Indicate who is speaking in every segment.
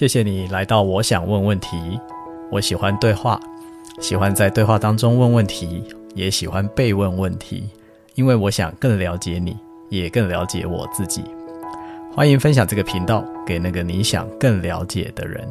Speaker 1: 謝謝你來到。我想問問題，我喜歡對話，喜歡在對話當中問問題，也喜歡被問問題，因為我想更了解你，也更了解我自己。歡迎分享這個頻道給那個你想更了解的人。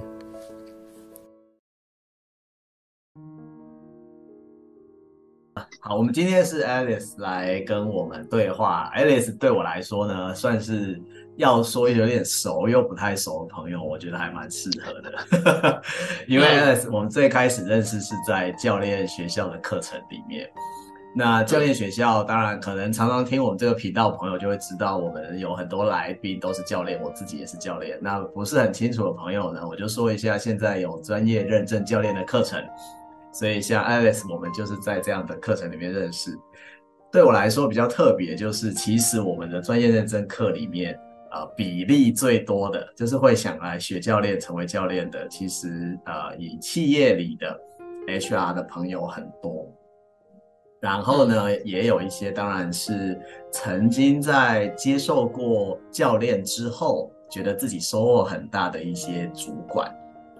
Speaker 1: 好，我們今天是 Alex 來跟我們對話。Alex 對我來說呢，算是。要說有點熟又不太熟的朋友，我覺得還蠻適合的， Yeah. 因為 Alex，我們最開始認識是在教練學校的課程裡面。那教練學校當然可能常常聽我們這個頻道的朋友就會知道，我們有很多來賓都是教練，我自己也是教練。那不是很清楚的朋友呢，我就說一下，現在有專業認證教練的課程，所以像 Alex，我們就是在這樣的課程裡面認識。對我來說比較特別，就是其實我們的專業認證課裡面。呃，比例最多的就是會想來學教練、成為教練的。其實，呃，以企業裡的 HR 的朋友很多，然後呢，也有一些當然是曾經在接受過教練之後，覺得自己收穫很大的一些主管，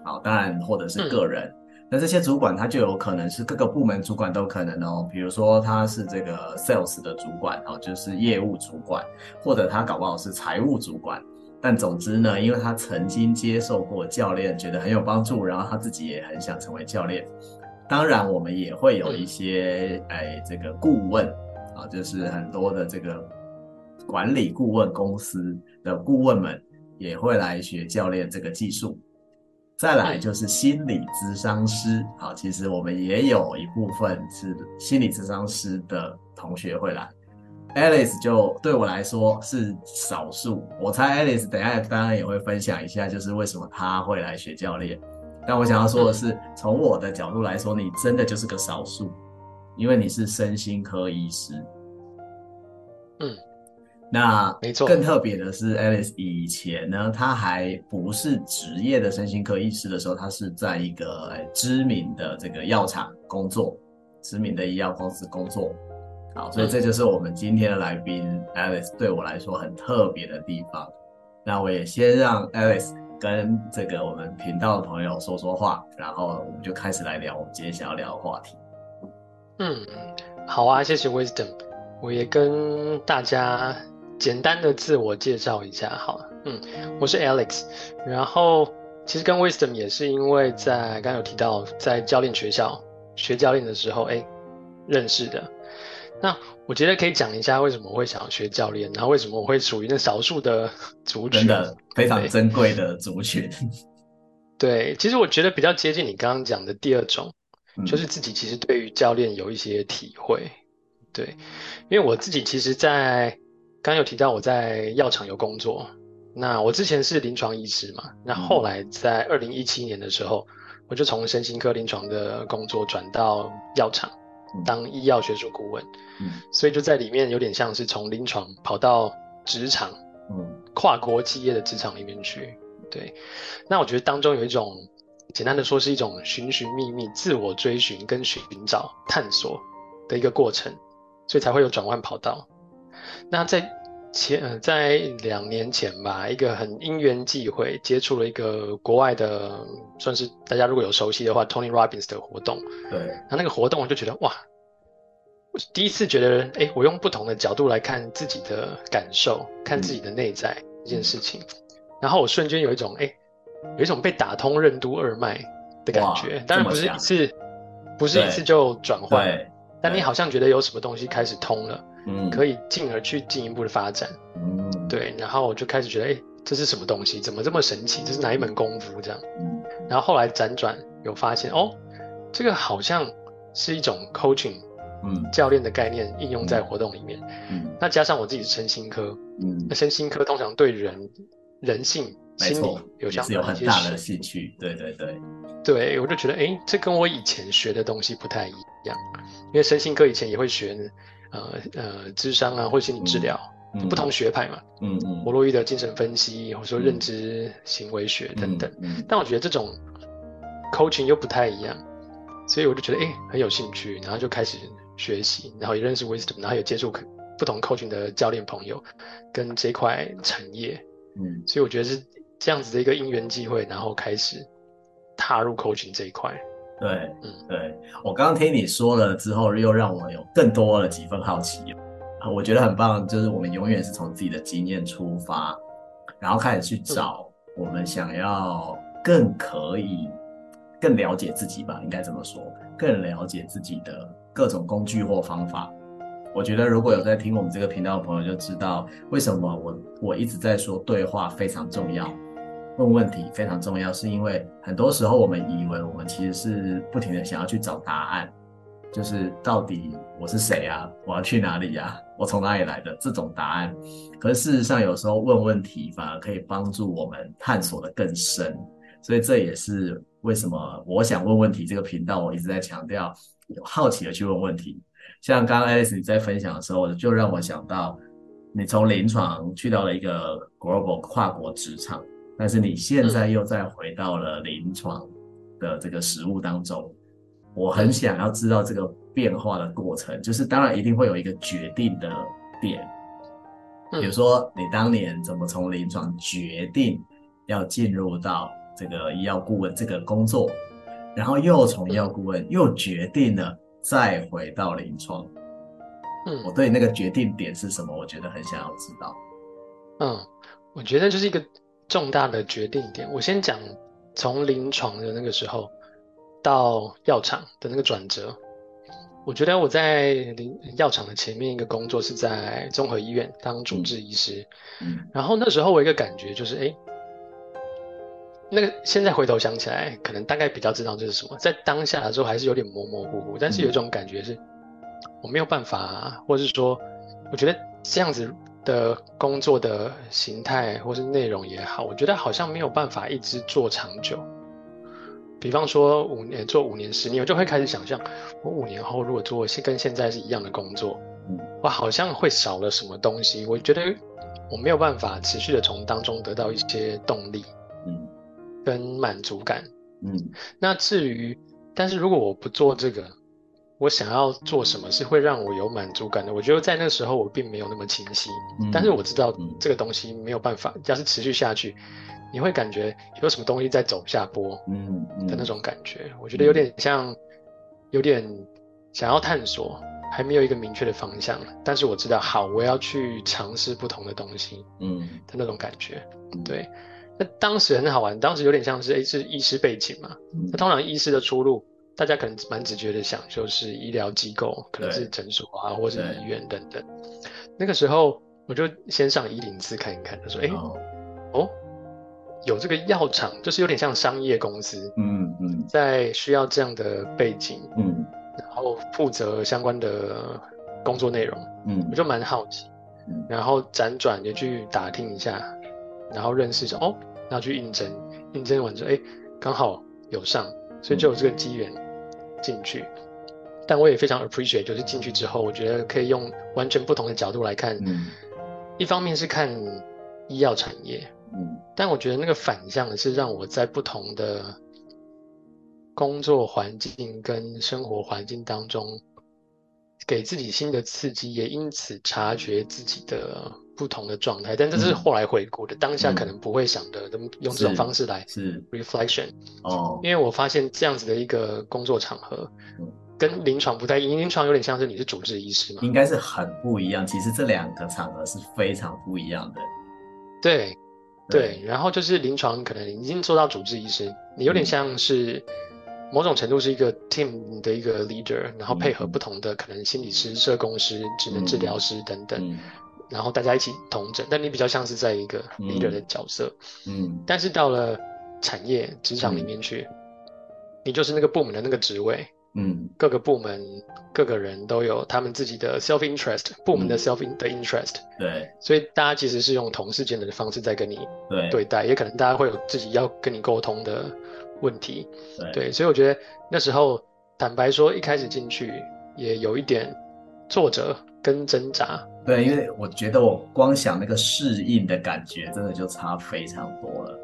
Speaker 1: 啊、呃，當然或者是個人。嗯。那這些主管他就有可能是各個部門主管都可能哦，比如說他是這個 sales 的主管哦，就是業務主管，或者他搞不好是財務主管。但總之呢，因為他曾經接受過教練，覺得很有幫助，然後他自己也很想成為教練。當然，我們也會有一些哎這個顧問啊，就是很多的這個管理顧問公司的顧問們也會來學教練這個技術。再來就是心理諮商師，好，其實我們也有一部分是心理諮商師的同學會來，Alex 就對我來說是少數，我猜 Alex 等下當然也會分享一下，就是為什麼他會來學教練。但我想要說的是，從我的角度來說，你真的就是個少數，因為你是身心科醫師，嗯。那沒錯，更特別的是，Alex 以前呢，錯她還不是職業的身心科醫師的時候，她是在一個知名的這個藥廠工作，知名的醫藥公司工作。
Speaker 2: 好，所以這就
Speaker 1: 是我們今天的來賓 Alex 對我來說很特別的地方。嗯，那我也先讓 Alex 跟這個我們頻道的朋友說說話，然後我們就開始來聊我們今天想要聊的話題。嗯，
Speaker 3: 好啊，謝謝 Wisdom，我也跟大家。簡單的自我介紹一下，好了，嗯，我是 Alex，然後其實跟 Wisdom 也是因為在剛剛有提到在教練學校學教練的時候，哎、欸，認識的。那我覺得可以講一下為什麼我會想學教練，然後為什麼我會屬於那少數的族群，真的對非常珍貴
Speaker 1: 的族群。
Speaker 3: 對，其實我覺得比較接近你剛剛講的第二種，嗯、就是自己其實對於教練有一些體會，對，因為我自己其實，在剛有提到我在藥廠有工作，那我之前是臨床醫師嘛，那後來在二零一七年的時候，嗯、我就從身心科臨床的工作轉到藥廠當醫藥學術顧問，嗯、所以就在裡面有點像是從臨床跑到職場，嗯、跨國企業的職場裡面去。對，那我覺得當中有一種簡單的說是一種尋尋覓覓、自我追尋跟尋找探索的一個過程，所以才會有轉換跑道。那在前、呃、在兩年前吧，一個很因緣際會接觸了一個國外的，算是大家如果有熟悉的話，Tony Robbins 的活動。對。那那個活動我就覺得哇，我第一次覺得哎、欸，我用不同的角度來看自己的感受，看自己的內在這、嗯、件事情，然後我瞬間有一種哎、欸，有一種被打通任督二脈的感覺。當然不是一次，
Speaker 2: 不是一次
Speaker 3: 就轉換，對、對、對，但你好像覺得有什麼東西開始通了。嗯，可以進而去進一步的發展。嗯，對，然後我就開始覺得，哎、欸，這是什麼東西？怎麼這麼神奇？這是哪一門功夫？這樣。嗯嗯、然後後來輾轉有發現，哦、喔，這個好像是一種 coaching，嗯，教練的概念應用在活動裡面。嗯。嗯嗯，那加上我自己是身心科，嗯，那身心科通常對人人性、嗯、心理有相當有很大的興
Speaker 2: 趣。對對
Speaker 3: 對，對我就覺得，哎、欸，這跟我以前學的東西不太一樣，因為身心科以前也會學。呃呃，諮、呃、商啊，或者心理治療，嗯嗯、不同學派嘛，嗯，佛、嗯、洛、嗯、伊的精神分析，嗯、或者說認知行為學等等。嗯嗯嗯、但我覺得這種 coaching 又不太一樣，所以我就覺得哎、欸，很有興趣，然後就開始學習，然後也認識 wisdom，然後也接觸不同 coaching 的教練朋友，跟這塊產業，嗯，所以我覺得是這樣子的一個因緣機會，然後開始踏入 coaching 這一塊。
Speaker 1: 對，對，我剛剛聽你說了之後，又讓我有更多的幾分好奇。我覺得很棒，就是我們永遠是從自己的經驗出發，然後開始去找我們想要更可以、更了解自己吧，應該怎麼說？更了解自己的各種工具或方法。我覺得如果有在聽我們這個頻道的朋友，就知道為什麼我我一直在說對話非常重要。問問題非常重要，是因為很多時候我們以為我們其實是不停的想要去找答案，就是到底我是誰啊，我要去哪裡啊，我從哪裡來的這種答案。可是事實上，有時候問問題反而可以幫助我們探索的更深。所以這也是為什麼我想問問題這個頻道，我一直在強調有好奇的去問問題。像剛剛 Alex 你在分享的時候，就讓我想到你從臨床去到了一個 global 跨國職場。但是你現在又再回到了臨床的這個實務當中，嗯、我很想要知道這個變化的過程，就是當然一定會有一個決定的點。比如說你當年怎麼從臨床決定要進入到這個醫藥顧問這個工作，然後又從醫藥顧問又決定了再回到臨床，嗯，
Speaker 3: 我對你那個
Speaker 1: 決定點是什麼，我覺得很想要
Speaker 2: 知道。嗯，
Speaker 3: 我覺得就是一個。重大的決定點，我先講從臨床的那個時候到藥廠的那個轉折。我覺得我在臨藥廠的前面一個工作是在綜合醫院當主治醫師，嗯、然後那時候我一個感覺就是，哎、欸，那個現在回頭想起來，可能大概比較知道這是什麼，在當下的時候還是有點模模糊糊，但是有一種感覺是，我沒有辦法、啊，或者是說，我覺得這樣子。的工作的形態或是內容也好，我覺得好像沒有辦法一直做長久。比方說五年做五年十年，我就會開始想象，我五年後如果做一些跟現在是一樣的工作，我好像會少了什麼東西。我覺得我沒有辦法持續的從當中得到一些動力，跟滿足感，那至於，但是如果我不做這個，我想要做什麼是會讓我有滿足感的。我覺得在那時候我並沒有那麼清晰，但是我知道這個東西沒有辦法，要是持續下去，你會感覺有什麼東西在走下坡，嗯，的那種感覺。我覺得有點像，有點想要探索，還沒有一個明確的方向。但是我知道，好，我要去嘗試不同的東西，嗯，的那種感覺。對，那當時很好玩，當時有點像是，誒，是醫師背景嘛。那通常醫師的出路。大家可能蠻直覺的想，就是醫療機構，可能是診所啊，對或者是醫院等等。對那個時候，我就先上104看一看，他說：“哎、欸，哦，有這個藥廠，就是有點像商業公司，嗯嗯，嗯在需要這樣的背景，嗯，然後負責相關的工作內容，嗯，我就蠻好奇，嗯、然後輾轉也去打聽一下，然後認識一下，哦，然後去應徵，應徵完之後，哎、欸，剛好有上，所以就有這個機緣。嗯”嗯進去，但我也非常 appreciate，就是進去之後，我覺得可以用完全不同的角度來看。嗯，一方面是看醫藥產業，嗯，但我覺得那個反向是讓我在不同的工作環境跟生活環境當中，給自己新的刺激，也因此察覺自己的。不同的狀態，但這是後來回顧的，嗯、當下可能不會想的。嗯、用這種方式來 reflection，是 reflection，哦，因為我發現這樣子的一個工作場合，跟臨床不太一樣。臨床有點像是你是主治醫師嘛？
Speaker 1: 應該是很不一樣。其實這兩個場合是非常不一樣的。
Speaker 3: 對對，對對，然後就是臨床可能已經做到主治醫師，你有點像是某種程度是一個 team 的一個 leader，、嗯、然後配合不同的可能心理師、社工師、職能治療師等等。嗯嗯然後大家一起統整，但你比較像是在一個 leader 的角色，嗯，嗯，但是到了產業職場裡面去，嗯、你就是那個部門的那個職位，
Speaker 2: 嗯，
Speaker 3: 各個部門各個人都有他們自己的 self interest，部門的 self the interest，對、
Speaker 2: 嗯，
Speaker 3: 所以大家其實是用同事間的方式在跟你對對待，對也可能大家會有自己要跟你溝通的問題，對，對，所以我覺得那時候坦白說，一開始進去也有一點。作者跟掙扎，對，
Speaker 1: 對因為我覺得我光想那個適應的感覺，真的就差非常多了，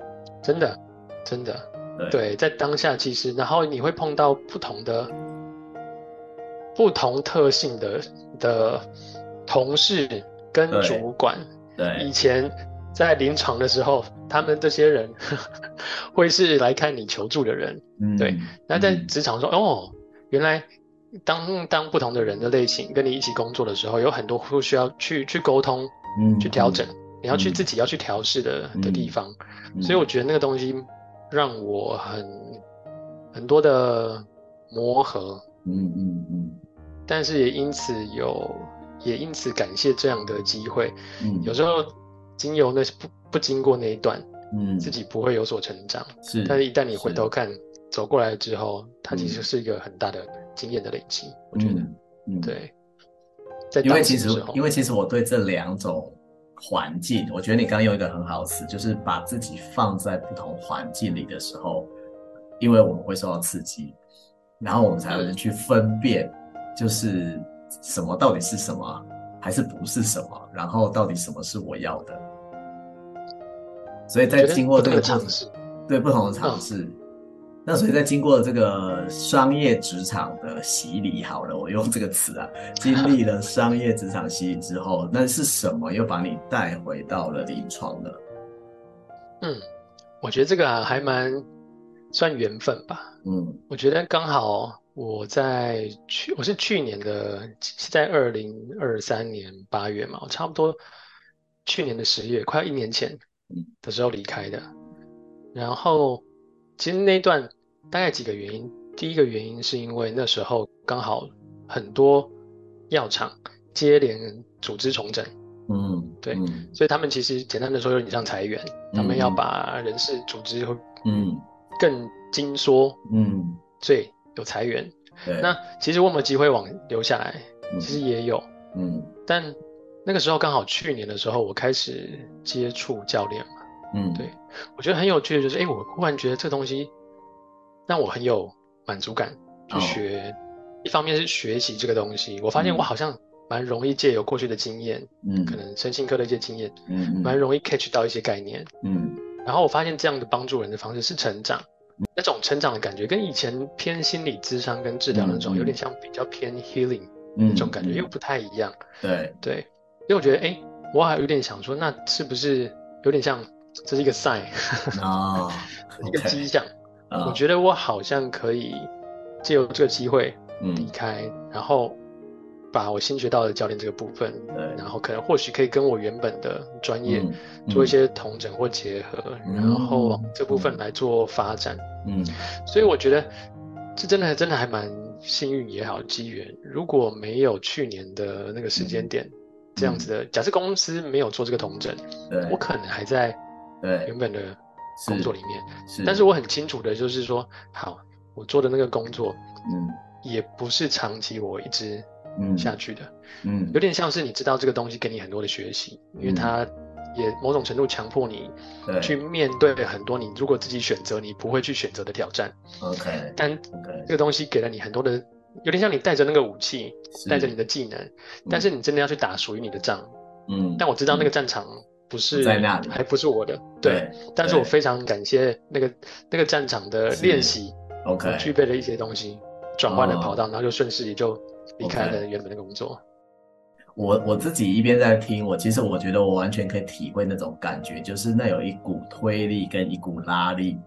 Speaker 3: 真的，真的，對，對，在當下其實，然後你會碰到不同的、不同特性的的同事跟主管，對，對以前在臨床的時候，他們這些人 會是來看你求助的人，嗯、對，那在職場說、嗯、哦，原來。當當不同的人的類型跟你一起工作的時候，有很多需要去去溝通，嗯，
Speaker 2: 去調整，
Speaker 3: 你要去自己要去調試的、嗯、的地方，所以我覺得那個東西讓我很很多的磨合，嗯嗯嗯，嗯嗯嗯，但是也因此有也因此感謝這樣的機會，嗯，有時候經由那不不經過那一段，嗯，自己不會有所成長，是，但是一旦你回頭看是走過來之後，它其實是一個很大的。嗯經驗的累積，我覺得，嗯，嗯對。
Speaker 1: 因為其實，因為其實我對這兩種環境，我覺得你剛剛用一個很好詞，就是把自己放在不同環境裡的時候，因為我們會受到刺激，然後我們才能去分辨，就是什麼到底是什麼，還是不是什麼，然後到底什麼是我要的。所以在經過這個過程，對不同的嘗試。嗯那所以在經過這個商業職場的洗禮，好了，我用這個詞啊，經歷了商業職場洗禮之後， 那是什麼又把你帶回到了臨床呢？
Speaker 3: 嗯，我覺得這個、啊、還蠻算緣分吧。嗯，我覺得剛好我在去，我是去年的，是在二零二三年八月嘛，我差不多去年的十月，快一年前的時候離開的。嗯、然後其實那一段。大概幾個原因，第一個原因是因為那時候剛好很多藥廠接連組織重整，嗯，對，嗯、所以他們其實簡單的說有點像裁員，嗯、他們要把人事組織會，嗯更精縮，嗯，所以有裁員。對那其實我們機會往留下來，嗯、其實也有，嗯，但那個時候剛好去年的時候，我開始接觸教練嘛，嗯，對我覺得很有趣的就是，哎、欸，我忽然覺得這東西。讓我很有滿足感去學，一方面是學習這個東西，我發現我好像蠻容易借由過去的經驗，嗯，可能身心科的一些經驗，嗯，蠻容易 catch 到一些概念，嗯，然後我發現這樣的幫助人的方式是成長，那種成長的感覺跟以前偏心理諮商跟治療那種有點像，比較偏 healing 那種感覺又不太一樣，對對，因為我覺得哎，我還有點想說，那是不是有點像這是一個
Speaker 1: sign
Speaker 3: 啊，一個跡象？Uh, 我覺得我好像可以借由這個機會離開，嗯、然後把我新學到的教練這個部分，對然後可能或許可以跟我原本的專業做一些統整或結合，嗯、然後這部分來做發展。嗯，所以我覺得這真的還真的還蠻幸運也好機緣。如果沒有去年的那個時間點，這樣子的、嗯、假設公司沒有做這個統整對我可能還在原本的。工作裡面，但是我很清楚的就是說，好，我做的那個工作，嗯，也不是長期我一直下去的，
Speaker 2: 嗯，嗯有
Speaker 3: 點像是你知道這個東西給你很多的學習，嗯、因為它也某種程度強迫你去面對很多你如果自己選擇你不會去選擇的挑戰
Speaker 2: ，OK，
Speaker 3: 對但這個東西給了你很多的，有點像你帶着那個武器，帶着是你的技能，嗯、但是你真的要去打屬於你的仗，嗯，但我知道那個戰場，嗯不是在那裡，還不是我的，對。對但是我非常感謝那個對那個戰場的練習，OK，我具備了一些東西，轉換了跑道，哦、然後就順勢也就離開了 okay 原本的工作。
Speaker 1: 我我自己一邊在聽，我其實我覺得我完全可以體會那種感覺，就是那有一股推力跟一股拉力，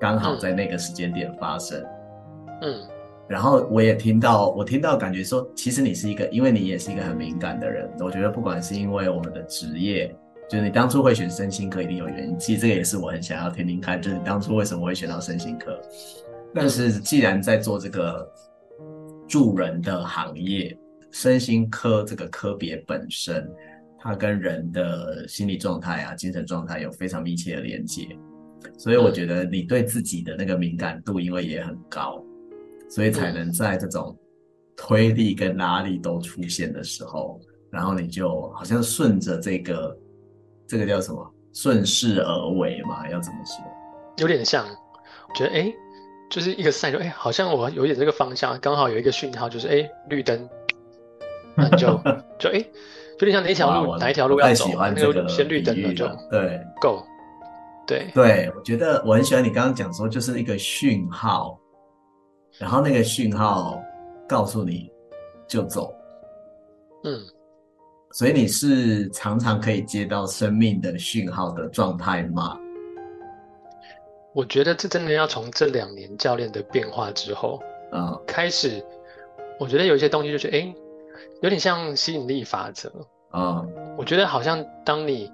Speaker 1: 剛好在那個時間點發生。嗯。嗯然後我也聽到，我聽到感覺說，其實你是一個，因為你也是一個很敏感的人。我覺得不管是因為我們的職業。就是你當初會選身心科一定有原因，其實這個也是我很想要聽聽看，就是你當初為什麼會選到身心科？但是既然在做這個助人的行業，身心科這個科別本身，它跟人的心理狀態啊、精神狀態有非常密切的連接，所以我覺得你對自己的那個敏感度，因為也很高，所以才能在這種推力跟拉力都出現的時候，然後你就好像順着這個。這個叫什麼？順勢而為嘛？要怎麼說？
Speaker 3: 有點像，我覺得哎，就是一個勢，哎，好像我有一點這個方向，剛好有一個訊號，就是哎，綠燈，那就 就哎，有點像哪一條路，啊、哪一條路要走，喜歡那就先綠燈了，就對 Go
Speaker 1: 對對，我覺得我很喜歡你剛剛講說，就是一個訊號，然後那個訊號告訴你就走，嗯。所以你是常常可以接到生命的訊號的狀態嗎？
Speaker 3: 我覺得這真的要從這兩年教練的變化之後，嗯，開始。我覺得有一些東西就是，哎、欸，有點像吸引力法則。嗯，我覺得好像當你，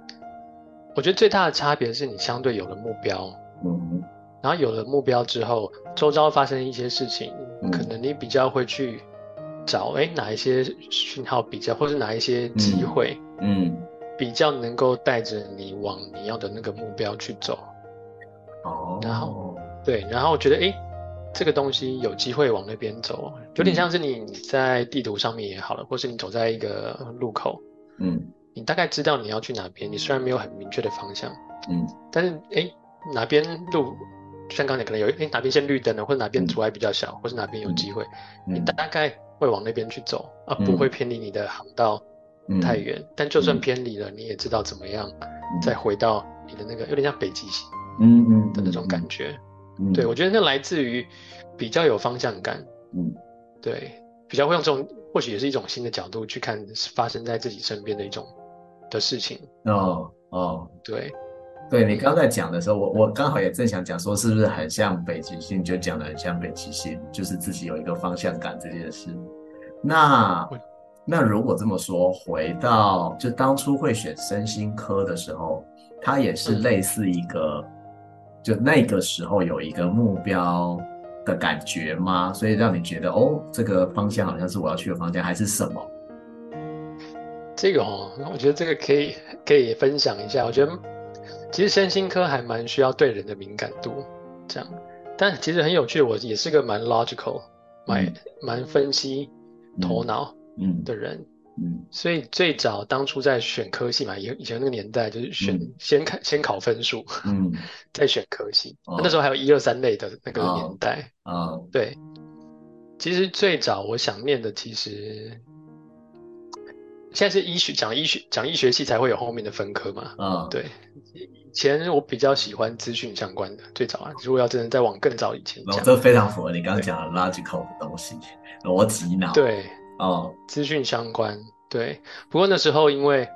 Speaker 3: 我覺得最大的差別是你相對有了目標，嗯，然後有了目標之後，周遭發生一些事情，嗯、可能你比較會去。找誒、欸，哪一些訊號比較，或是哪一些機會，
Speaker 2: 嗯，
Speaker 3: 比較能夠帶着你往你要的那個目標去走。哦、嗯，
Speaker 2: 嗯、然後
Speaker 3: 對，然後我覺得誒、欸，這個東西有機會往那邊走，有點像是你在地圖上面也好了，或是你走在一個路口，嗯，你大概知道你要去哪邊，你雖然沒有很明確的方向，嗯，但是誒、欸，哪邊路。像剛才可能有，哎、欸，哪邊先綠燈了，或者哪邊阻礙比較小，或是哪邊有機會，嗯、你大概會往那邊去走、嗯、啊，不會偏離你的航道太遠。嗯、但就算偏離了，你也知道怎麼樣再回到你的那個，有點像北極星，嗯嗯的那種感覺。嗯嗯嗯嗯、對，我覺得那來自於比較有方向感。嗯，對，比較會用這種，或許也是一種新的角度去看發生在自己身邊的一種的事情。哦
Speaker 1: 哦，
Speaker 3: 哦對。
Speaker 1: 對，你剛才講的時候，我我剛好也正想講說，是不是很像北極星？就講得很像北極星，就是自己有一個方向感這件事。那那如果這麼說，回到就當初會選身心科的時候，它也是類似一個，嗯、就那個時候有一個目標的感覺嗎？所以讓你覺得哦，這個方向好像是我要去的方向，還是什麼？
Speaker 3: 這個哈、哦，我覺得這個可以可以分享一下，我覺得。其實身心科還蠻需要對人的敏感度，這樣。但其實很有趣，我也是個蠻 logical、嗯、蠻蠻分析頭腦的人。嗯嗯、所以最早當初在選科系嘛，以以前那個年代就是選先看、嗯、先考分數，嗯、再選科系。哦、那時候還有一二三類的那個年代。啊、哦，對。其實最早我想念的，其實現在是醫學，講醫學講醫學系才會有後面的分科嘛。嗯、哦，對。以前我比較喜歡資訊相關的，最早啊。如果要真的再往更早以前講、哦，這非
Speaker 1: 常符合你剛剛講的 logical 東西，邏輯腦，對，
Speaker 3: 對哦，資訊相關。對，不過那時候因為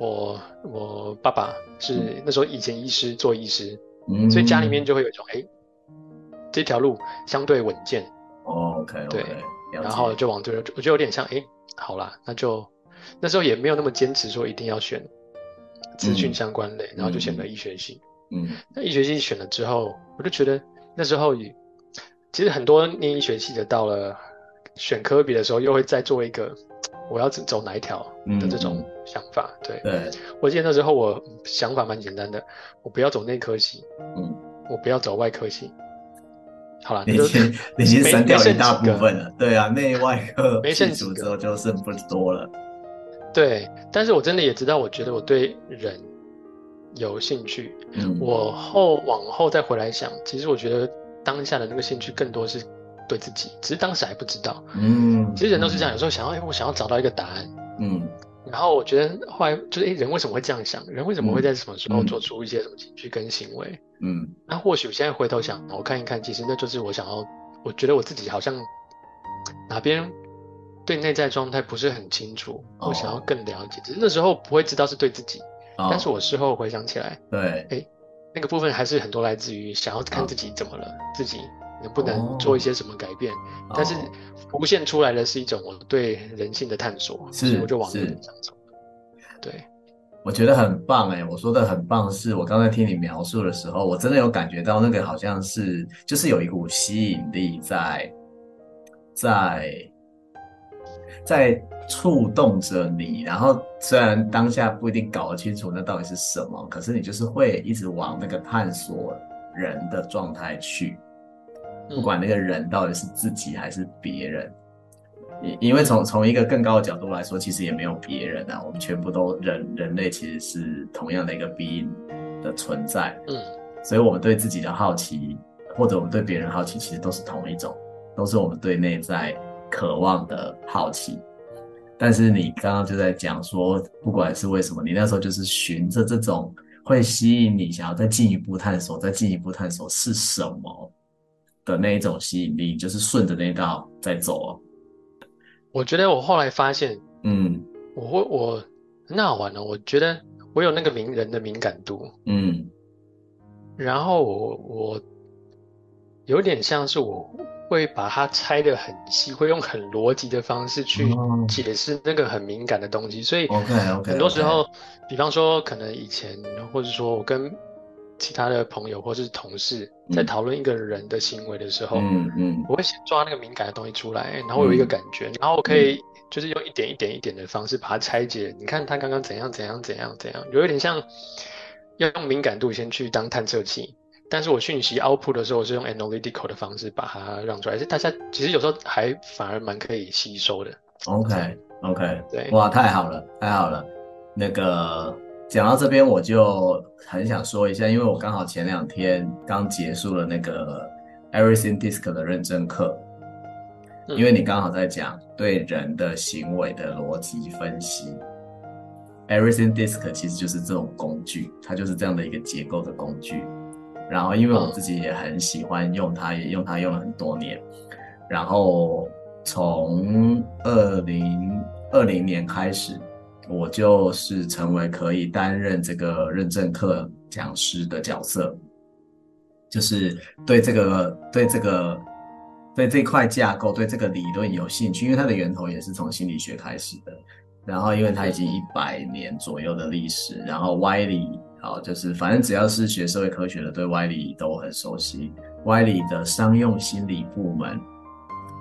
Speaker 3: 我我爸爸是那時候以前醫師做醫師，嗯、所以家裡面就會有一種哎、欸，這條路相對穩健。哦、OK，OK、okay, okay,。然後就往這個，我覺得有點像哎、欸，好啦，那就那時候也沒有那麼堅持說一定要選。資訊相關類，嗯、然後就選了醫學系。嗯，嗯那醫學系選了之後，我就覺得那時候也其實很多念醫學系的到了選科別的時候，又會再做一個我要走哪一條的這種想法。嗯、對，對我記得那時候我想法蠻簡單的，我不要走內科系，嗯，我不要走外科系。好了，那你都你先刪掉一大部分了。
Speaker 1: 對啊沒，內外科去除之後
Speaker 3: 就剩不多了。對，但是我真的也知道，我覺得我對人有興趣。
Speaker 2: 嗯，我
Speaker 3: 後往後再回來想，其實我覺得當下的那個興趣更多是對自己，只是當時還不知道。嗯，其實人都是這樣，有時候想要，誒，我想要找到一個答案。嗯，然後我覺得後來就是，誒，人為什麼會這樣想？人為什麼會在什麼時候做出一些什麼情緒跟行為？嗯，那或許我現在回頭想，我看一看，其實那就是我想要，我覺得我自己好像哪邊。對內在狀態不是很清楚，哦、我想要更了解。其實那時候不會知道是對自己，哦、但是我事後回想起來，對，誒、欸、那個部分還是很多來自於想要看自己怎麼了，哦、自己能不能做一些什麼改變。哦、但是浮現出來的是一種我對人性的探索，是，所以我就往裡面走了。是對，
Speaker 1: 我覺得很棒，欸，誒，我說的很棒，是我剛才聽你描述的時候，我真的有感覺到那個好像是，就是有一股吸引力在，在。在觸動着你，然後雖然當下不一定搞得清楚那到底是什麼，可是你就是會一直往那個探索人的狀態去，不管那個人到底是自己還是別人，因、嗯、因為從從一個更高的角度來說，其實也沒有別人啊，我們全部都人人類其實是同樣的一個 being 的存在，嗯，所以我們對自己的好奇，或者我們對別人好奇，其實都是同一種，都是我們對內在。渴望的好奇，但是你剛剛就在講說，不管是為什麼，你那時候就是循着這種會吸引你，想要再進一步探索，再進一步探索是什麼的那一種吸引力，就是順着那道在走，啊。
Speaker 3: 我覺得我後來發現，
Speaker 2: 嗯，
Speaker 3: 我會，我那好玩了，哦，我覺得我有那個名人的敏感度，
Speaker 2: 嗯，
Speaker 3: 然後我我。有點像是我會把它拆得很細，會用很邏輯的方式去解釋那個很敏感的東西，嗯、所以很多時候，okay, okay, okay. 比方說可能以前，或者說我跟其他的朋友或是同事在討論一個人的行為的時候，嗯嗯嗯、我會先抓那個敏感的東西出來，然後有一個感覺，嗯、然後我可以就是用一點一點一點的方式把它拆解。嗯、你看他剛剛怎樣怎樣怎樣怎樣，有點像要用敏感度先去當探測器。但是我訊息 output 的時候，我是用 analytical 的方式把它讓出來，就大家其實有時候還反而蠻可以吸收的。
Speaker 1: OK OK 對，哇，太好了，太好了。那個講到這邊，我就很想說一下，因為我剛好前兩天剛結束了那個 Everything DiSC 的認證課，因為你剛好在講對人的行為的邏輯分析。嗯、Everything DiSC 其實就是這種工具，它就是這樣的一個結構的工具。然後，因為我自己也很喜歡用它，也用它用了很多年。然後，從二零二零年開始，我就是成為可以擔任這個認證課講師的角色。就是對這個、對這個、對這塊架構、對這個理論有興趣，因為它的源頭也是從心理學開始的。然後，因為它已經一百年左右的歷史，然後歪理。好，就是反正只要是學社會科學的，對 Wiley 都很熟悉。Wiley 的商用心理部門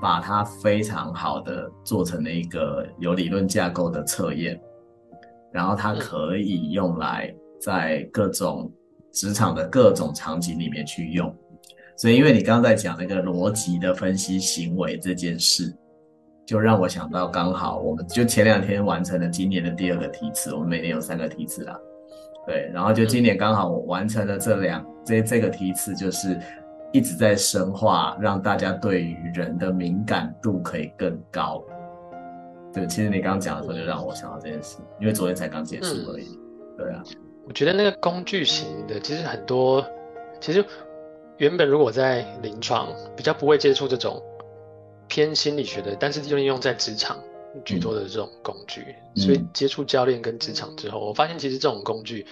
Speaker 1: 把它非常好的做成了一個有理論架構的測驗，然後它可以用來在各種職場的各種場景裡面去用。所以，因為你剛剛在講那個邏輯的分析行為這件事，就讓我想到，剛好我們就前兩天完成了今年的第二個梯次。我們每年有三個梯次啦。對，然後就今年剛好我完成了這兩、嗯、這這個梯次，就是一直在深化，讓大家對於人的敏感度可以更高。對，其實你剛剛講的時候就讓我想到這件事，嗯、因為昨天才剛結束而已。嗯、對啊，
Speaker 3: 我覺得那個工具型的，其實很多，其實原本如果在臨床比較不會接觸這種偏心理學的，但是就用在職場。許多的這種工具，嗯、所以接觸教練跟職場之後，嗯、我發現其實這種工具，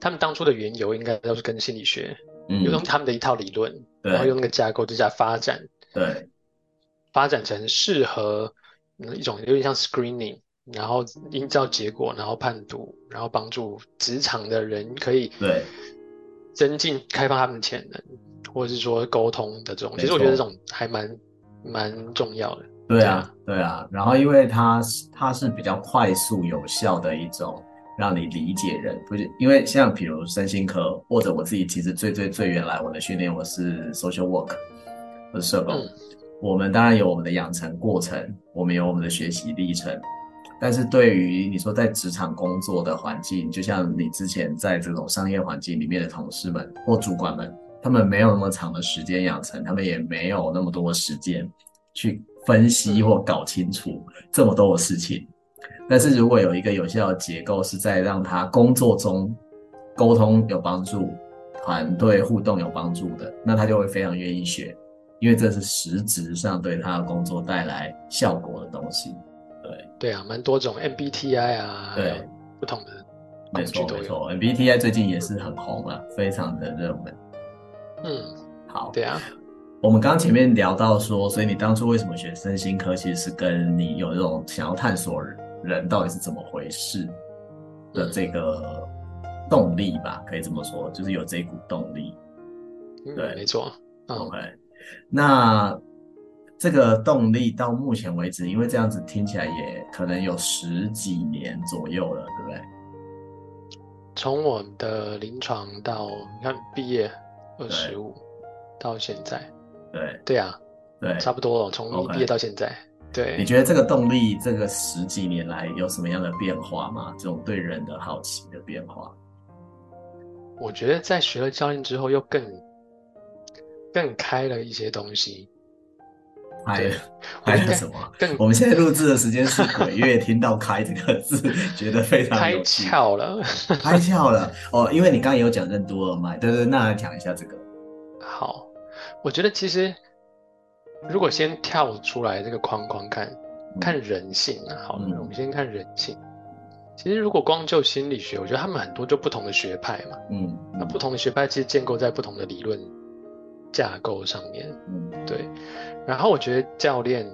Speaker 3: 他們當初的緣由應該都是跟心理學，嗯、用他們的一套理論，對然後用那個架構之下發展，對，發展成適合、嗯、一種有點像 screening，然後依照結果，然後判讀，然後幫助職場的人可以
Speaker 2: 對
Speaker 3: 增進開發他們的潛能，對或者是說溝通的這種，錯其實我覺得這種還蠻蠻重要的。
Speaker 1: 對啊，對啊，然後因為它它是比較快速有效的一種讓你理解人，不是因為像比如身心科或者我自己其實最最最原來我的訓練，我是 social work，我是社工，嗯、我們當然有我們的養成過程，我們有我們的學習歷程，但是對於你說在職場工作的環境，就像你之前在這種商業環境裡面的同事們或主管們，他們沒有那麼長的時間養成，他們也沒有那麼多時間去。分析或搞清楚、嗯、這麼多的事情，但是如果有一個有效的結構是在讓他工作中溝通有幫助、團隊互動有幫助的，那他就會非常願意學，因為這是實質上對他的工作帶來效果的東西。
Speaker 3: 對對啊，蠻多種 MBTI 啊，
Speaker 1: 對不同的，沒錯沒錯，MBTI 最近也是很紅啊，嗯、非常的熱門。
Speaker 3: 嗯，
Speaker 1: 好，對啊。我們剛前面聊到說，所以你當初為什麼學身心科，其實是跟你有一種想要探索人，人到底是怎麼回事的這個動力吧？可以這麼說，就是有這股動力。對，嗯、沒錯。嗯、OK，那這個動力到目前為止，因為這樣子聽起來也可能有十幾年左右了，對不對？
Speaker 3: 從我的臨床到你看畢業二十五，到現在。對對啊，對，差不多了、哦，從畢業到現在。Okay. 對，你覺得這個動
Speaker 1: 力，這個十幾年來有什麼樣的變化嗎？這種對人的好奇的變化？
Speaker 3: 我覺得在學了教練之後，又更更開了一些東西，
Speaker 1: 開，開唉應什麼？更我們現在錄製的時間是鬼月， 因為聽到“開”這個字，覺得非常開竅巧了，開 竅了哦。因為你剛剛有講任督二脈，對，對對，那來講一下這個，
Speaker 3: 好。我覺得其實，如果先跳出來這個框框看，看看人性。啊。好的，我們先看人性。嗯、其實如果光就心理學，我覺得他們很多就不同的學派嘛。嗯，嗯那不同的學派其實建構在不同的理論架構上面。嗯，對。然後我覺得教練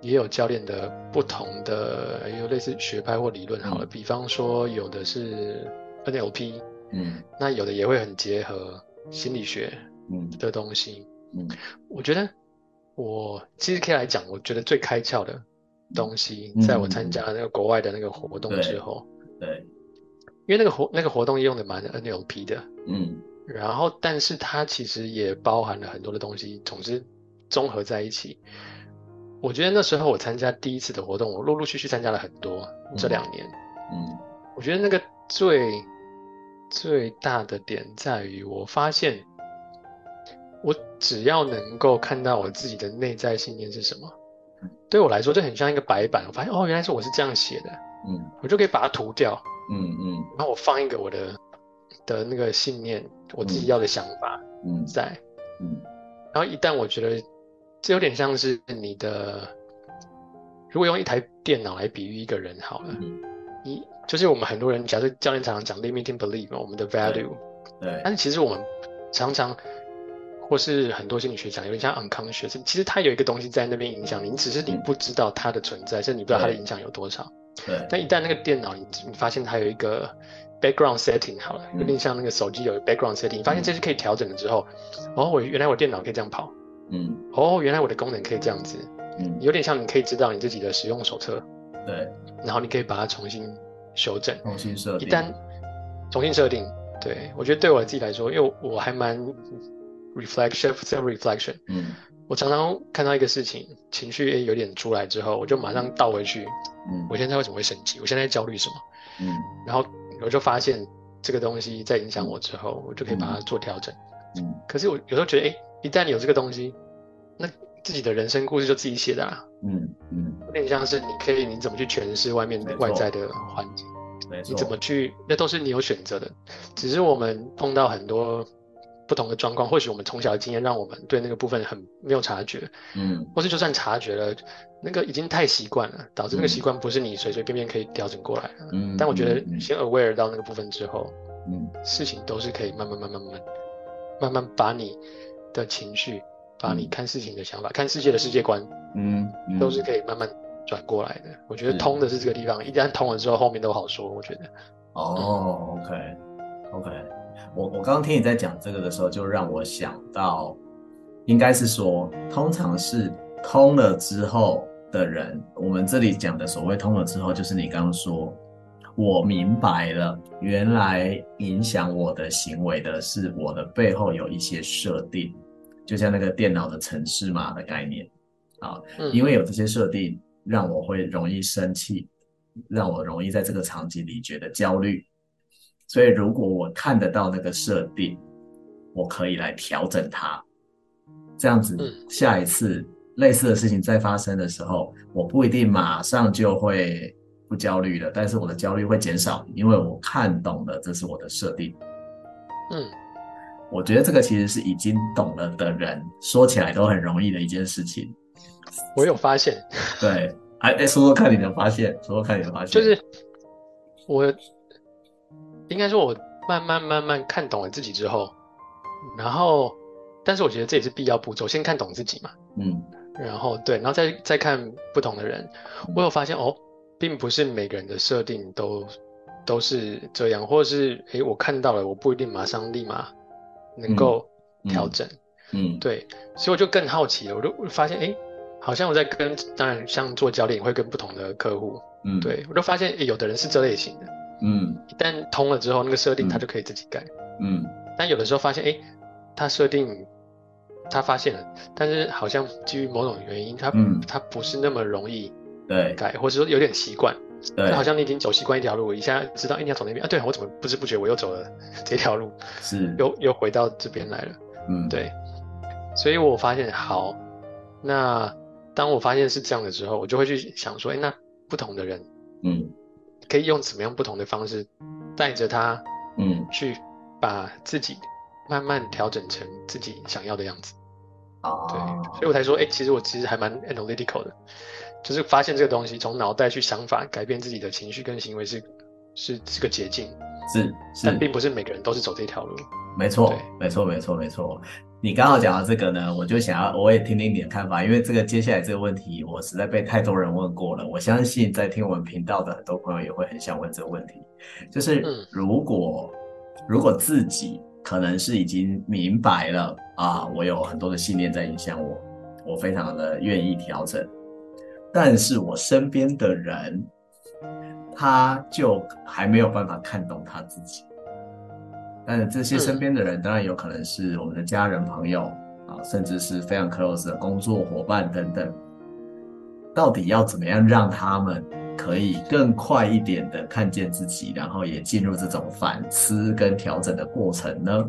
Speaker 3: 也有教練的不同的也有類似學派或理論好了，嗯、比方說有的是 NLP。嗯，那有的也會很結合心理學嗯的東西。嗯嗯嗯，我覺得我其實可以來講，我覺得最開竅的東西，嗯、在我參加那個國外的那個活動之後，
Speaker 2: 對，
Speaker 3: 對因為那個活那個活動用的蠻 NLP 的，嗯，然後但是它其實也包含了很多的東西，總之綜合在一起，我覺得那時候我參加第一次的活動，我陸陸續續參加了很多、嗯、這兩年嗯，嗯，我覺得那個最最大的點在於，我發現。只要能夠看到我自己的內在信念是什麼，對我來說就很像一個白板。我發現哦，原來是我是這樣寫的，嗯，我就可以把它塗掉，嗯嗯。嗯，然後我放一個我的的那個信念，我自己要的想法，嗯、在嗯，嗯。然後一旦我覺得，這有點像是你的，如果用一台電腦來比喻一個人好了，嗯、你就是我們很多人，假設教練常常講 limiting belief，我們的 value，對。
Speaker 2: 對但
Speaker 3: 其實我們常常。或是很多心理學講有點像 unconscious，其實它有一個東西在那邊影響你，你只是你不知道它的存在，嗯、甚至你不知道它的影響有多少。對。對但一旦那個電腦，你你發現它有一個 background setting，好了，嗯、有點像那個手機有一個 background setting，你發現這是可以調整的之後，嗯、哦，我原來我電腦可以這樣跑，嗯，哦，原來我的功能可以這樣子，嗯，有點像你可以知道你自己的使用手冊，對，然後你可以把它重新修正，重新設定，一旦重新設定，對我覺得對我自己來說，因為我，我還蠻。Reflection, reflection self reflection，嗯，我常常看到一個事情，情緒有點出來之後，我就馬上倒回去，嗯，我現在為什麼會生氣？我現在在焦慮什麼？嗯，然後我就發現這個東西在影響我之後，我就可以把它做調整嗯。嗯，可是我有時候覺得，哎、欸，一旦你有這個東西，那自己的人生故事就自己寫的啦、啊嗯。嗯嗯，有點像是你可以你怎麼去詮釋外面外在的環境，錯你怎麼去，那都是你有選擇的。錯只是我們碰到很多。不同的狀況，或許我們從小的經驗讓我們對那個部分很沒有察覺，
Speaker 2: 嗯，或
Speaker 3: 是就算察覺了，那個已經太習慣了，導致那個習慣不是你隨隨便便可以調整過來的，嗯，但我覺得先 aware 到那個部分之後，嗯，事情都是可以慢慢慢慢慢慢慢慢把你的情緒，把你看事情的想法，看世界的世界觀，嗯，都是可以慢慢轉過來的。我覺得通的是這個地方，一旦通了之後，後面都好說，我覺得。哦
Speaker 2: ，OK，OK。
Speaker 1: 我我剛剛聽你在講這個的時候，就讓我想到，應該是說，通常是通了之後的人，我們這裡講的所謂通了之後，就是你剛剛說，我明白了，原來影響我的行為的是我的背後有一些設定，就像那個電腦的程式嘛的概念啊，因為有這些設定，讓我會容易生氣，讓我容易在這個場景裡覺得焦慮。所以，如果我看得到那個設定，我可以來調整它，這樣子，下一次類似的事情再發生的時候，嗯，我不一定馬上就會不焦慮了，但是我的焦慮會減少，因為我看懂了這是我的設定。嗯，我覺得這個其實是已經懂了的人說起來都很容易的一件事情。
Speaker 3: 我有發現。
Speaker 1: 對，哎，欸欸，說說看你的發現，說說看你的發現。就
Speaker 3: 是我。應該說，我慢慢慢慢看懂了自己之後，然後，但是我覺得這也是必要步驟，先看懂自己嘛。
Speaker 2: 嗯。
Speaker 3: 然後，對，然後再再看不同的人，我有發現哦，並不是每個人的設定都都是這樣，或者是誒我看到了，我不一定馬上立馬能夠調整。嗯，嗯嗯對。所以我就更好奇了，我就發現哎，好像我在跟，當然像做教練也會跟不同的客戶，嗯，對我就發現哎，有的人是這類型的。嗯，一旦通了之後，那個設定他就可以自己改。嗯，嗯，但有的時候發現，哎、欸，他設定，他發現了，但是好像基於某種原因，他、嗯、他不是那麼容易改，對或者說有點習慣，就對好像你已經走習慣一條路，一下知道應該走那邊啊，對我怎麼不知不覺我又走了這條路，是又又回到這邊來了。嗯，對，所以我發現好，那當我發現是這樣的時候，我就會去想說，哎、欸，那不同的人，嗯。可以用什麼樣不同的方式帶着他，嗯，去把自己慢慢調整成自己想要的樣子。哦、嗯，對，所以我才說，哎、欸，其實我其實還蠻 analytical 的，就是發現這個東西，從腦袋去想法改變自己的情緒跟行為是是是個捷徑。是，是，但並不是每個人都是走這條路。
Speaker 1: 沒錯，對，沒錯，沒錯，沒錯。你剛好講到這個呢，我就想要我也聽聽你的看法，因為這個接下來這個問題，我實在被太多人問過了。我相信在聽我們頻道的很多朋友也會很想問這個問題，就是如果、嗯、如果自己可能是已經明白了啊，我有很多的信念在影響我，我非常的願意調整，但是我身邊的人。他就還沒有辦法看懂他自己，但是這些身邊的人，當然有可能是我們的家人、朋友啊，甚至是非常 close 的工作夥伴等等，到底要怎麼樣讓他們可以更快一點的看見自己，然後也進入這種反思跟調整的過程呢？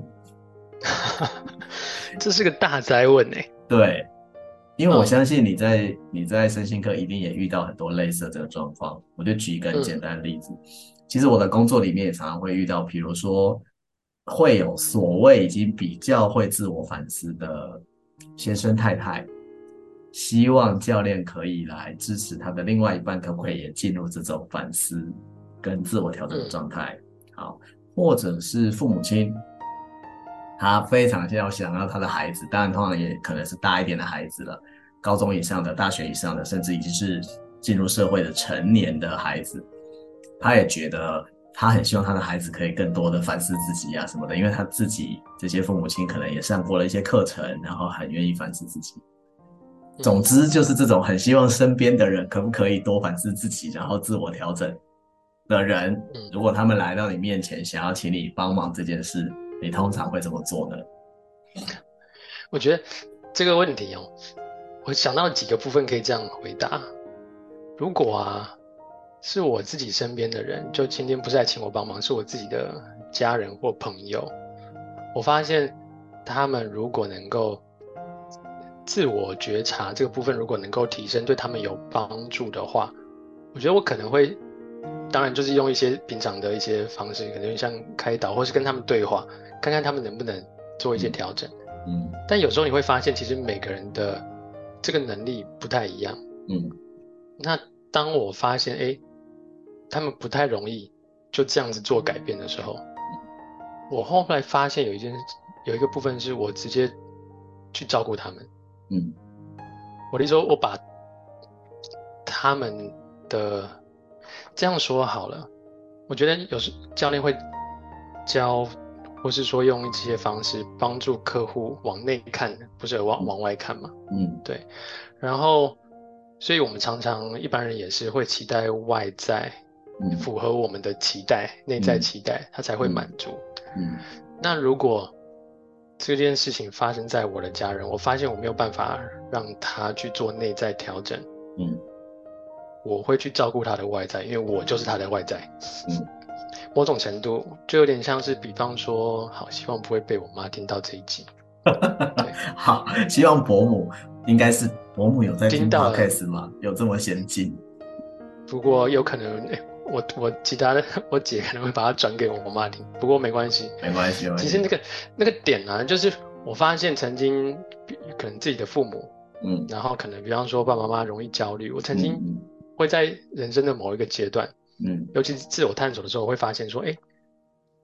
Speaker 3: 這是個大哉問呢，
Speaker 1: 對。因為我相信你在、嗯、你在身心科一定也遇到很多類似的這個狀況，我就舉一個很簡單的例子。嗯、其實我的工作裡面也常常會遇到，比如說會有所謂已經比較會自我反思的先生太太，希望教練可以來支持他的另外一半，可不可以也進入這種反思跟自我調整的狀態？嗯、好，或者是父母親。他非常想要想要他的孩子，當然通常也可能是大一點的孩子了，高中以上的、大學以上的，甚至已經是進入社會的成年的孩子，他也覺得他很希望他的孩子可以更多的反思自己啊什麼的，因為他自己這些父母親可能也上過了一些課程，然後很願意反思自己。總之就是這種很希望身邊的人可不可以多反思自己，然後自我調整的人，如果他們來到你面前想要請你幫忙這件事，你通常會怎麼做呢？
Speaker 3: 我覺得這個問題哦，我想到幾個部分可以這樣回答。如果啊是我自己身邊的人，就今天不是來請我幫忙，是我自己的家人或朋友。我發現他們如果能夠自我覺察這個部分，如果能夠提升，對他們有幫助的話，我覺得我可能會，當然就是用一些平常的一些方式，可能像開導或是跟他們對話。看看他們能不能做一些調整，嗯，
Speaker 2: 嗯，
Speaker 3: 但有時候你會發現，其實每個人的這個能力不太一樣，嗯。那當我發現，哎、欸，他們不太容易就這樣子做改變的時候，嗯嗯、我後來發現有一件事，有一個部分是我直接去照顧他們，嗯。我那時候我把他們的這樣說好了，我覺得有時教練會教。或是說用一些方式幫助客戶往內看，不是往往外看嘛。嗯，對。然後，所以我們常常一般人也是會期待外在、嗯、符合我們的期待，內在期待、嗯、他才會滿足。嗯，那如果這件事情發生在我的家人，我發現我沒有辦法讓他去做內在調整。嗯，我會去照顧他的外在，因為我就是他的外在。嗯。某種程度就有點像是，比方說，好，希望不會被我媽聽到這一集。
Speaker 1: 對好，希望伯母應該是伯母有在聽 Podcast 嗎？有這麼先進？
Speaker 3: 不過有可能，欸、我我其他的我姐可能會把它轉給我媽聽。不過沒關係，沒關係。其實那個那個點呢、啊，就是我發現曾經可能自己的父母，嗯，然後可能比方說爸爸媽媽容易焦慮，我曾經會在人生的某一個階段。嗯嗯嗯，尤其是自我探索的時候，會發現說，哎、欸，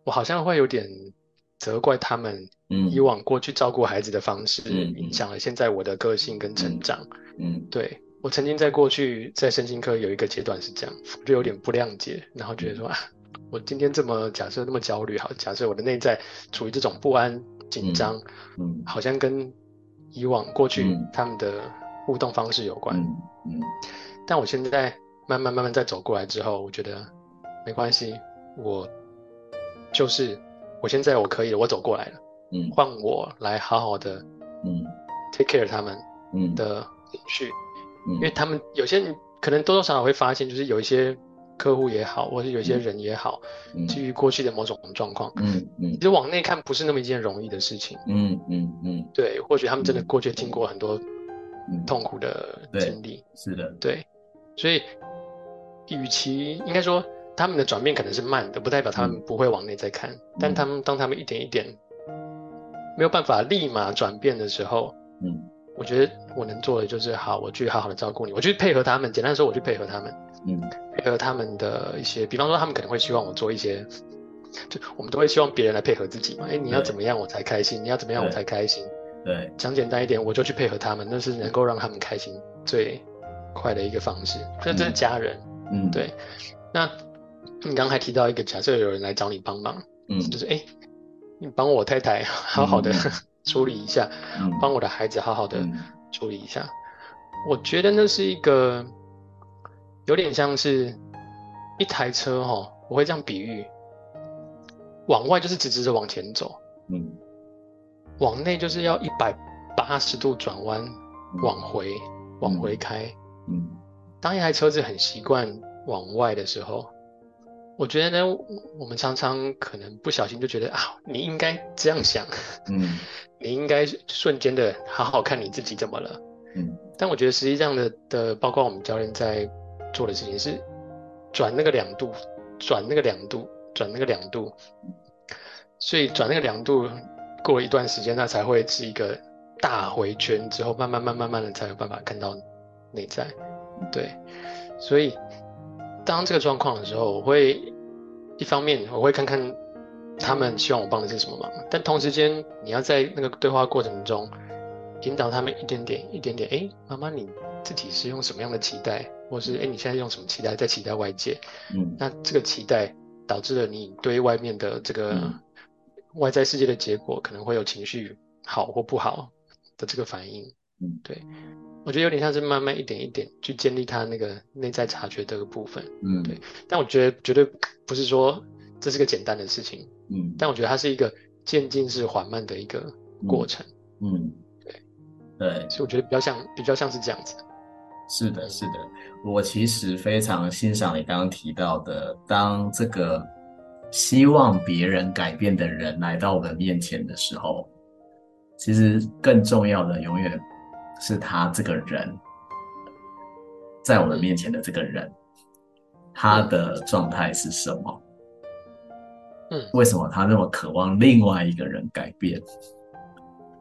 Speaker 3: 我好像會有點責怪他們，以往過去照顧孩子的方式影響了現在我的個性跟成長，嗯，對，我曾經在過去在身心科有一個階段是這樣，就有點不諒解，然後覺得說，啊、我今天這麼假設那麼焦慮，好，假設我的內在處於這種不安緊張，嗯，嗯，好像跟以往過去他們的互動方式有關，嗯，但我現在。嗯嗯嗯慢慢慢慢在走過來之後，我覺得沒關係。我就是我現在我可以了，我走過來了。嗯，換我來好好的，嗯的嗯，嗯，take care 他們，嗯的情緒，因為他們有些人可能多多少少會發現，就是有一些客戶也好，或是有一些人也好，基於過去的某種狀況，嗯，嗯嗯，其實往內看不是那麼一件容易的事情。
Speaker 2: 嗯嗯嗯，嗯
Speaker 3: 嗯嗯對，或許他們真的過去經過很多痛苦的經歷，嗯嗯。是的，對，所以。與其應該說他們的轉變可能是慢的，不代表他們不會往內在看。嗯、但他們當他們一點一點沒有辦法立馬轉變的時候，嗯，我覺得我能做的就是好，我去好好的照顧你，我去配合他們。簡單說，我去配合他們，嗯，配合他們的一些，比方說他們可能會希望我做一些，就我們都會希望別人來配合自己嘛。哎、欸，你要怎麼樣我才開心？對你要怎麼樣我才開心？
Speaker 2: 對，
Speaker 3: 講簡單一點，我就去配合他們，那是能夠讓他們開心最快的一個方式。這、嗯、這是家人。嗯，對。那你剛才提到一個，假設有人來找你幫忙，嗯，就是哎、欸，你幫我太太好好的處理一下，幫、嗯嗯嗯、我的孩子好好的處理一下。嗯嗯、我覺得那是一個有點像是一台車哦，我會這樣比喻，往外就是直直的往前走，
Speaker 2: 嗯，
Speaker 3: 往內就是要一百八十度轉彎，往回、嗯、往回開，嗯。嗯當一台車子很習慣往外的時候，我覺得呢，我們常常可能不小心就覺得啊，你應該這樣想，嗯， 你應該瞬間的好好看你自己怎麼了，嗯。但我覺得實際上的的，包括我們教練在做的事情是轉那個兩度，轉那個兩度，轉那個兩度，所以轉那個兩度過了一段時間，那才會是一個大回圈之後，慢慢慢慢慢慢的才有辦法看到內在。對，所以當這個狀況的時候，我會一方面我會看看他們希望我幫的是什麼忙，但同時間你要在那個對話過程中引導他們一點點、一點點，哎，媽媽你自己是用什麼樣的期待，或是哎你現在用什麼期待在期待外界？嗯，那這個期待導致了你對外面的這個外在世界的結果，可能會有情緒好或不好的這個反應。嗯，對。我覺得有點像是慢慢一點一點去建立他那個內在察覺的一個部分，嗯，對。但我覺得絕對不是說這是個簡單的事情，嗯。但我覺得它是一個漸進式緩慢的一個
Speaker 2: 過程，
Speaker 3: 嗯，嗯對，對。所以我覺得比較像比較像是這樣子。
Speaker 1: 是的，是的。我其實非常欣賞你剛剛提到的，當這個希望別人改變的人來到我們面前的時候，其實更重要的永遠，是他這個人，在我們面前的這個人，嗯、他的狀態是什麼？嗯，為什麼他那麼渴望另外一個人改變？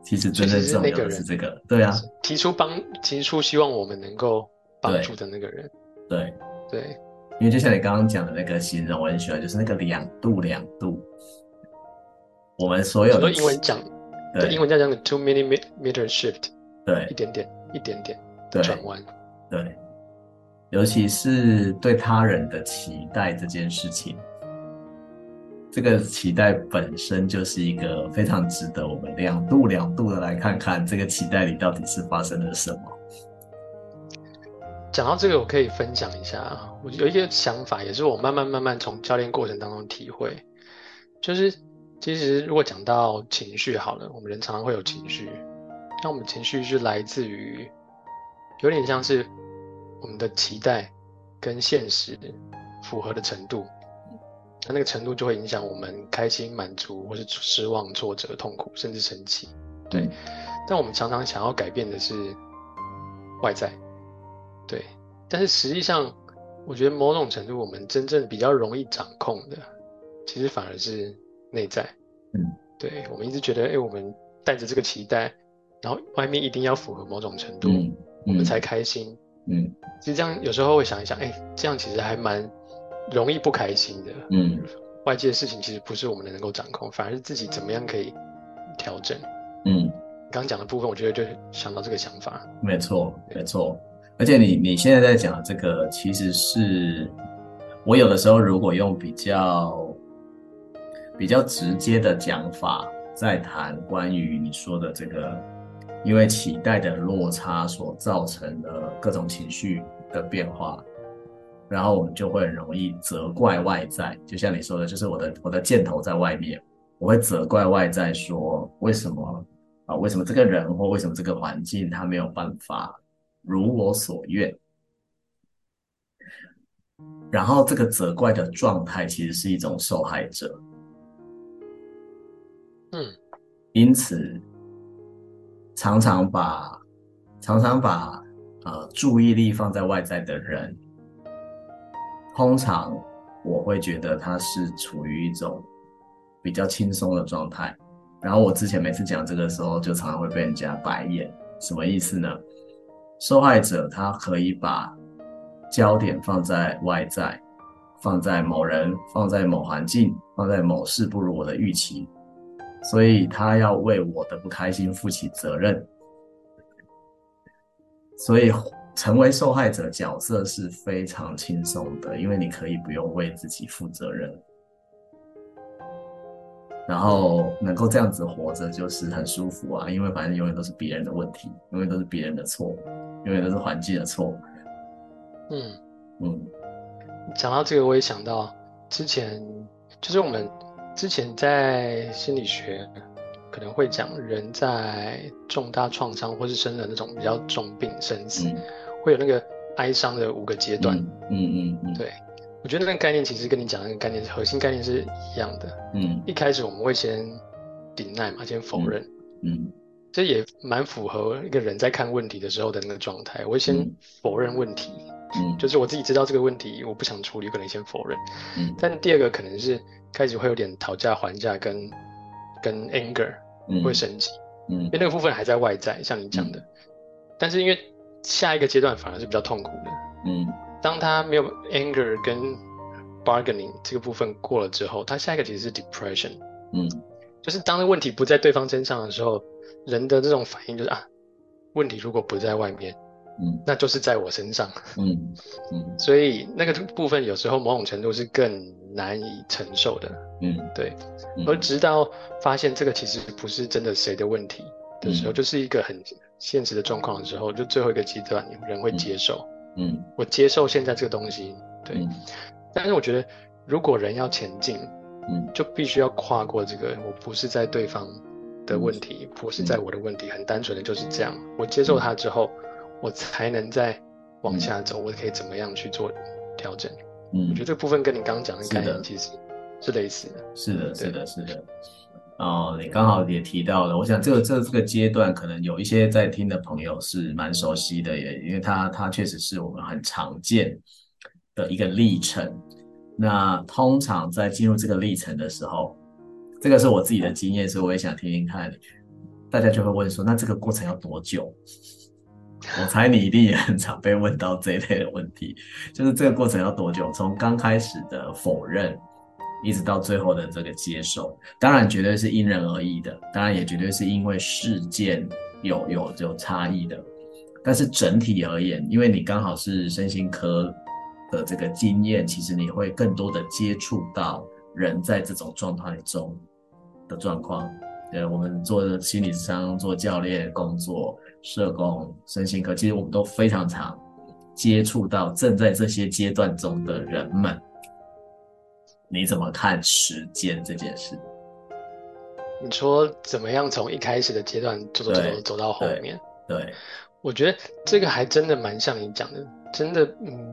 Speaker 1: 其實真正重要的是這個，其實其實是那個
Speaker 3: 人，對啊，提出幫提出希望我們能夠幫助的那個人，對對，對
Speaker 1: 對，因為就像你剛剛講的那個形容，我很喜歡，就是那個兩度兩度，我們所有的英文講，
Speaker 3: 對，對英文叫做 two millimeter shift。對，一點點，一點點轉彎，
Speaker 1: 轉彎，對，尤其是對他人的期待這件事情，這個期待本身就是一個非常值得我們兩度兩度的來看看，這個期待裡到底是發
Speaker 3: 生了什麼。講到這個，我可以分享一下啊，我有一些想法，也是我慢慢慢慢從教練過程當中體會，就是其實如果講到情緒，好了，我們人常常會有情緒。那我們情緒是來自於，有點像是我們的期待跟現實符合的程度，它那個程度就會影響我們開心、滿足，或是失望、挫折、痛苦，甚至生氣。對，但我們常常想要改變的是外在，對。但是實際上，我覺得某種程度我們真正比較容易掌控的，其實反而是內在。嗯，對，我們一直覺得，哎，我們帶着這個期待。然後外面一定要符合某種程度，
Speaker 2: 嗯嗯、我們才開心。嗯，其
Speaker 3: 實這樣有時候會想一想，哎、欸，這樣其實還蠻容易不開心的。嗯，外界的事情其實不是我們能夠掌控，反而是自己怎麼樣可以調整。
Speaker 2: 嗯，剛
Speaker 3: 剛講的部分，我覺得就想到這個想法。
Speaker 1: 沒錯，對，沒錯。而且你你現在在講的這個，其實是我有的時候如果用比較比較直接的講法，在談關於你說的這個。因為期待的落差所造成的各種情緒的變化，然後我們就會很容易責怪外在，就像你說的，就是我的我的箭頭在外面，我會責怪外在，說為什麼啊？為什麼這個人或為什麼這個環境他沒有辦法如我所願。然後這個責怪的狀態其實是一種受害者，嗯，因此。常常把常常把呃注意力放在外在的人，通常我會覺得他是處於一種比較輕鬆的狀態。然後我之前每次講這個時候，就常常會被人家白眼。什麼意思呢？受害者他可以把焦點放在外在，放在某人，放在某環境，放在某事不如我的預期。所以他要為我的不開心負起責任，所以成為受害者角色是非常輕鬆的，因為你可以不用為自己負責任，然後能夠這樣子活着就是很舒服啊，因為反正永遠都是別人的問題，永遠都是別人的錯，永遠都是環境的錯。嗯
Speaker 3: 嗯，講到這個，我也想到之前就是我們。之前在心理學可能會講，人在重大創傷或是生了那種比較重病身子、生死、嗯，會有那個哀傷的五個階段。嗯嗯嗯，嗯嗯對，我覺得那個概念其實跟你講的那個概念核心概念是一樣的。
Speaker 2: 嗯，一
Speaker 3: 開始我們會先 deny 嘛，先否認。嗯，這、嗯、也蠻符合一個人在看問題的時候的那個狀態。我會先否認問題。嗯，就是我自己知道這個問題，嗯、我不想處理，可能先否認。嗯，但第二個可能是開始會有點討價還價，跟跟 anger 會升級，嗯嗯、因為那個部分還在外在，像你講的。嗯、但是因為下一個階段反而是比較痛苦的，嗯，當他沒有 anger 跟 bargaining 這個部分過了之後，他下一個其實是 depression，嗯，就是當問題不在對方身上的時候，人的這種反應就是啊，問題如果不在外面。嗯，那就是在我身上。嗯嗯，所以那個部分有時候某種程度是更難以承受的。嗯，對。而直到發現這個其實不是真的誰的問題的時候，就是一個很現實的狀況的時候，就最後一個階段人會接受。嗯，我接受現在這個東西。對。但是我覺得，如果人要前進，嗯，就必須要跨過這個。我不是在對方的問題，不是在我的問題。很單純的就是這樣。我接受他之後。我才能再往下走，嗯、我可以怎麼樣去做調整？嗯，我覺得這個部分跟你剛剛講的概念其實是類似的。是的，對是的，是的。
Speaker 1: 哦，你剛好也提到了，我想這個這個階段，可能有一些在聽的朋友是蠻熟悉的耶，也因為他他確實是我們很常見的一個歷程。那通常在進入這個歷程的時候，這個是我自己的經驗，所以我也想聽聽看，大家就會問說，那這個過程要多久？我猜你一定也很常被問到這一類的問題，就是這個過程要多久，從剛開始的否認，一直到最後的這個接受，當然絕對是因人而異的，當然也絕對是因為事件有有有差異的。但是整體而言，因為你剛好是身心科的這個經驗，其實你會更多的接觸到人在這種狀態中的狀況。對，我們做心理諮商，做教練工作。社工、身心科，其實我們都非常常接觸到正在這些階段中的人們。你怎麼看時間這件事？
Speaker 3: 你說怎麼樣從一開始的階段走走走到後面？對，對、對。我覺得這個還真的蠻像你講的，真的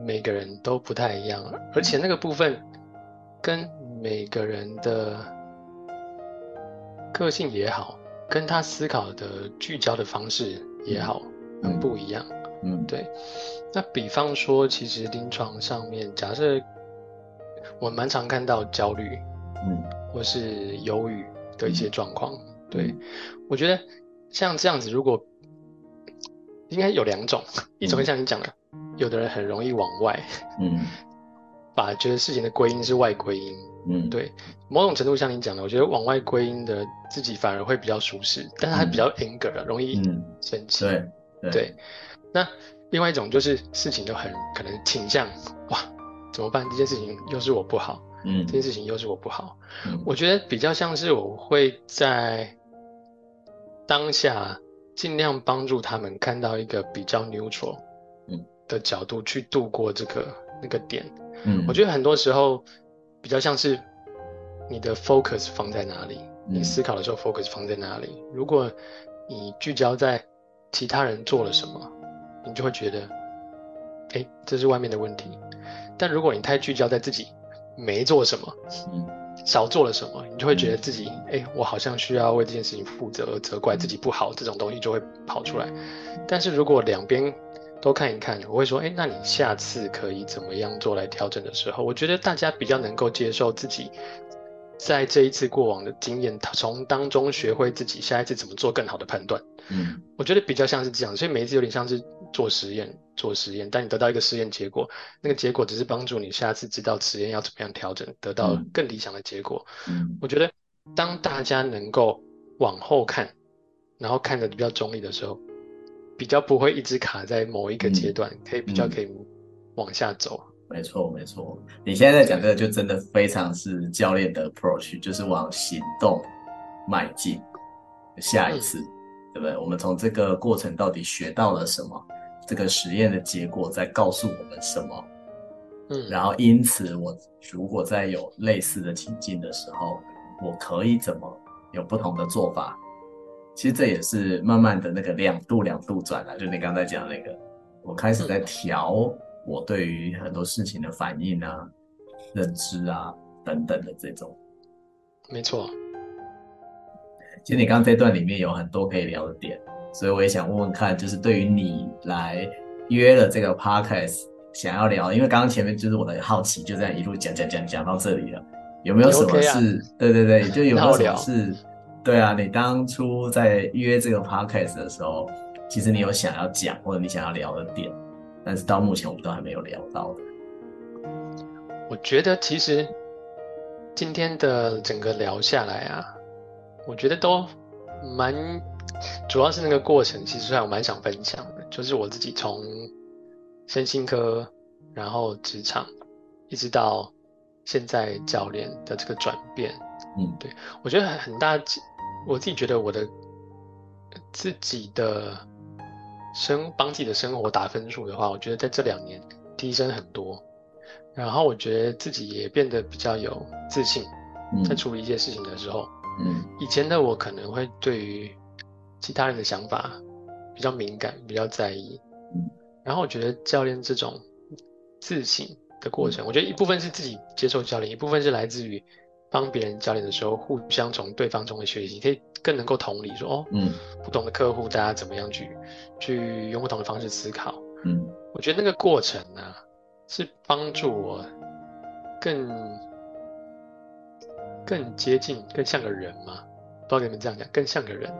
Speaker 3: 每個人都不太一樣，而且那個部分跟每個人的個性也好，跟他思考的聚焦的方式。也好，很、嗯、不一樣，嗯，對。那比方說，其實臨床上面，假設我蠻常看到焦慮，嗯，或是憂鬱的一些狀況，嗯、對，我覺得像這樣子，如果應該有兩種，嗯、一種像你講的，有的人很容易往外，
Speaker 2: 嗯，
Speaker 3: 把覺得事情的歸因是外歸因。嗯，對，某種程度像你講的，我覺得往外歸因的自己反而會比較舒適，但是還比較 anger，嗯，容易生氣。嗯，對，對，對，那另外一種就是事情都很可能傾向哇，怎麼辦？這件事情又是我不好，嗯，這件事情又是我不好。嗯，我覺得比較像是我會在當下盡量幫助他們看到一個比較 neutral 嗯的角度去度過這個那個點。嗯，我覺得很多時候。比較像是你的 focus 放在哪裡，你思考的時候 focus 放在哪裡。如果你聚焦在其他人做了什麼，你就會覺得，欸，這是外面的問題。但如果你太聚焦在自己沒做什麼，少做了什麼，你就會覺得自己，欸，我好像需要為這件事情負責，責怪自己不好，這種東西就會跑出來。但是如果兩邊，多看一看，我會說，哎，那你下次可以怎麼樣做來調整的時候？我覺得大家比較能夠接受自己在這一次過往的經驗，他從當中學會自己下一次怎麼做更好的判斷。嗯，我覺得比較像是這樣，所以每一次有點像是做實驗，做實驗，但你得到一個實驗結果，那個結果只是幫助你下次知道實驗要怎麼樣調整，得到更理想的結果。嗯，我覺得當大家能夠往後看，然後看得比較中立的時候，比較不會一直卡在某一個階段，嗯嗯、可以比較可以往下走。沒錯，沒錯。
Speaker 1: 你現在在講這個就真的非常是教練的 approach，對就是往行動邁進。下一次，嗯、對不對？我們從這個過程到底學到了什麼？這個實驗的結果在告訴我們什麼？嗯。然後，因此，我如果在有類似的情境的時候，我可以怎麼有不同的做法？其實這也是慢慢的那個兩度兩度轉了、啊，就你剛才講那個，我開始在調我對於很多事情的反應啊、嗯、認知啊等等的這種。沒錯。其實你剛剛這段裡面有很多可以聊的點，所以我也想問問看，就是對於你來約了這個 podcast，想要聊，因為剛剛前面就是我的好奇，就這樣一路講講講講到這裡了，有沒有什麼事？OK 啊、對對對，就有沒有什麼事？對啊，你當初在約這個 podcast 的時候，其實你有想要講或者你想要聊的點，但是到目前我們都還沒有聊到的？
Speaker 3: 我覺得其實今天的整個聊下來啊，我覺得都蠻，主要是那個過程，其實讓我蠻想分享的，就是我自己從身心科，然後職場，一直到現在教練的這個轉變。嗯，對，我覺得很大。我自己覺得我的自己的生幫自己的生活打分數的話，我覺得在這兩年提升很多，然後我覺得自己也變得比較有自信，在處理一些事情的時候，嗯，以前的我可能會對於其他人的想法比較敏感，比較在意，嗯，然後我覺得教練這種自信的過程，我覺得一部分是自己接受教練，一部分是來自於。幫別人教練的時候，互相從對方中的學習，你可以更能夠同理說哦，嗯，不同的客戶，大家怎麼樣去，去用不同的方式思考，嗯，我覺得那個過程呢、啊，是幫助我更更接近、更像個人嗎？不知道你們這樣講，更像個人。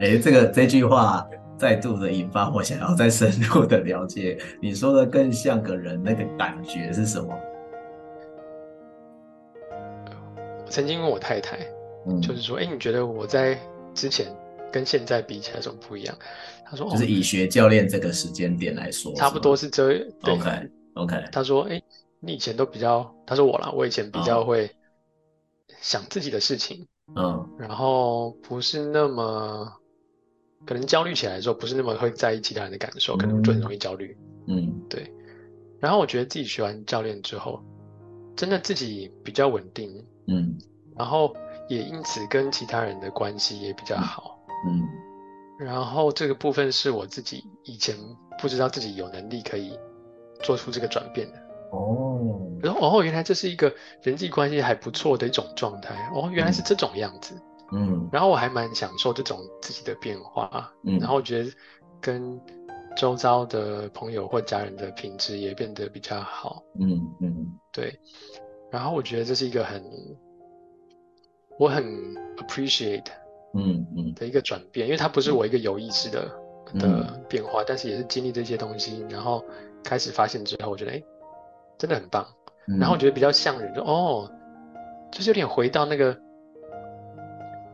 Speaker 1: 哎、欸，這個這句話再度的引發我想要再深入的了解，你說的更像個人那個感覺是什麼？
Speaker 3: 曾經問我太太，嗯、就是說，哎、欸，你覺得我在之前跟現在比起來什麼不一樣？他說，就是以
Speaker 1: 學教練這個時間點來說，差不多是
Speaker 3: 這。對，OK，OK。Okay, okay. 他說，哎、欸，你以前都比較……他說我啦，我以前比較會想自己的事情，嗯、哦，哦、然後不是那麼可能焦慮起來的時候，不是那麼會在意其他人的感受，嗯、可能就很容易焦慮。嗯，對。然後我覺得自己學完教練之後，真的自己比較穩定。嗯，然後也因此跟其他人的關係也比較好。嗯，嗯，然後這個部分是我自己以前不知道自己有能力可以做出這個轉變的。哦，然後哦，原來這是一個人際關係還不錯的一種狀態。哦，原來是這種樣子。嗯，然後我還蠻享受這種自己的變化。嗯，然後我覺得跟周遭的朋友或家人的品質也變得比較好。嗯嗯，嗯，對。然後我覺得這是一個很，我很 appreciate，嗯嗯的一個轉變，嗯嗯、因為它不是我一個有意識的、嗯、的變化，但是也是經歷這些東西，然後開始發現之後，我覺得哎，真的很棒。嗯、然後我覺得比較像人，就哦，就是有點回到那個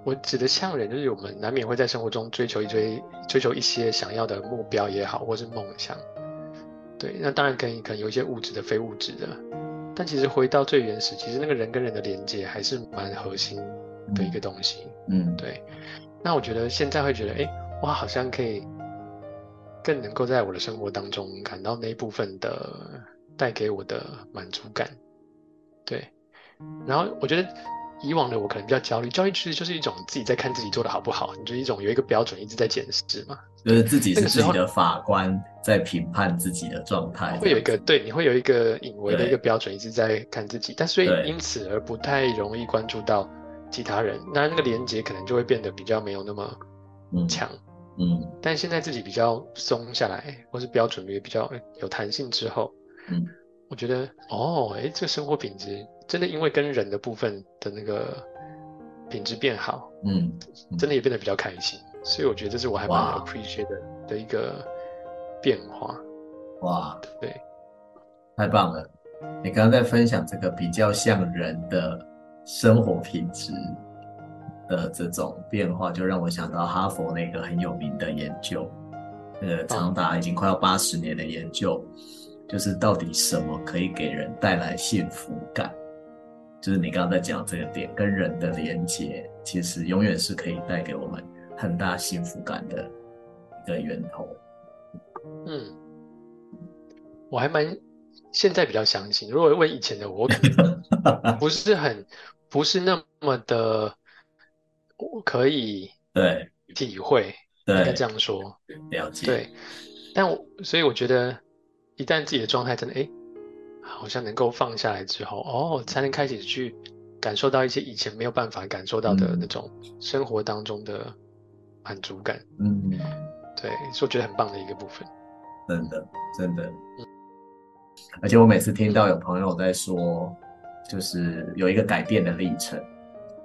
Speaker 3: 我指的像人，就是我們難免會在生活中追求一追，追求一些想要的目標也好，或是夢想，對，那當然可以，可能有一些物質的，非物質的。但其實回到最原始，其實那個人跟人的連接還是蠻核心的一個東西。嗯，對。那我覺得現在會覺得，哎、欸，我好像可以更能夠在我的生活當中感到那一部分的帶給我的滿足感。對。然後我覺得。以往的我可能比較焦慮，焦慮其實就是一種自己在看自己做的好不好，你就是一種有一個標準一直在檢視嘛，就是自己是自己的法
Speaker 1: 官在評判自己的狀態，會有一個
Speaker 3: 對，你會有一個隱微的一個標準一直在看自己，對但所以因此而不太容易關注到其他人，對那那個連接可能就會變得比較沒有那麼強，嗯，嗯，但現在自己比較鬆下來，或是標準也比較有彈性之後，嗯，我覺得哦，哎、欸，這個生活品質。真的，因為跟人的部分的那個品質變好，嗯，真的也變得比較開心，嗯、所以我覺得這是我還蠻 appreciate 的的一個變化。哇，對不對？
Speaker 1: 太棒了！你剛剛在分享這個比較像人的生活品質的這種變化，就讓我想到哈佛那個很有名的研究，呃、那個，長達已經快要八十年的研究，就是到底什麼可以給人帶來幸福感。就是你剛剛在講這個點，跟人的連接，其實永遠是可以帶給我們很大幸福感的一個源頭。嗯，
Speaker 3: 我還蠻現在比較相信，如果問以前的我，可能不是很 不是那麼的我可以對，體會，對對，應該這樣說了解。對，但我所以我覺得，一旦自己的狀態真的哎。誒好像能夠放下來之後，哦，才能開始去感受到一些以前沒有辦法感受到的那種生活當中的滿足感。嗯，對，是我覺得很棒的一個部分。
Speaker 1: 真的，真的。嗯。而且我每次聽到有朋友在說，就是有一個改變的歷程，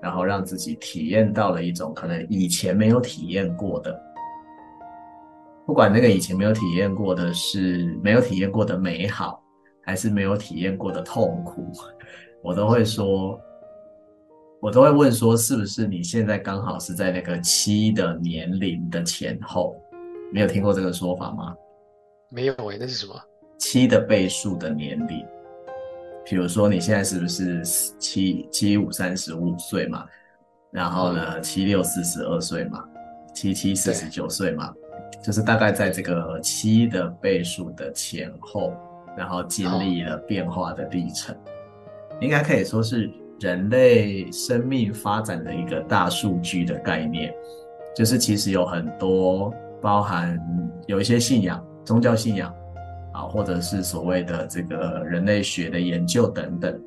Speaker 1: 然後讓自己體驗到了一種可能以前沒有體驗過的，不管那個以前沒有體驗過的是沒有體驗過的美好。還是沒有體驗過的痛苦，我都會說，我都會問說，是不是你現在剛好是在那個七的年齡的前後？沒有聽過這個說法嗎？
Speaker 3: 沒有、欸、那是什麼？
Speaker 1: 七的倍數的年齡，比如說你現在是不是七七五三十五歲嘛？然後呢，嗯、七六四十二歲嘛？七七四十九歲嘛？對就是大概在這個七的倍數的前後。然後經歷了變化的歷程，好應該可以說是人類生命發展的一個大數據的概念，就是其實有很多包含有一些信仰、宗教信仰啊，或者是所謂的這個人類學的研究等等，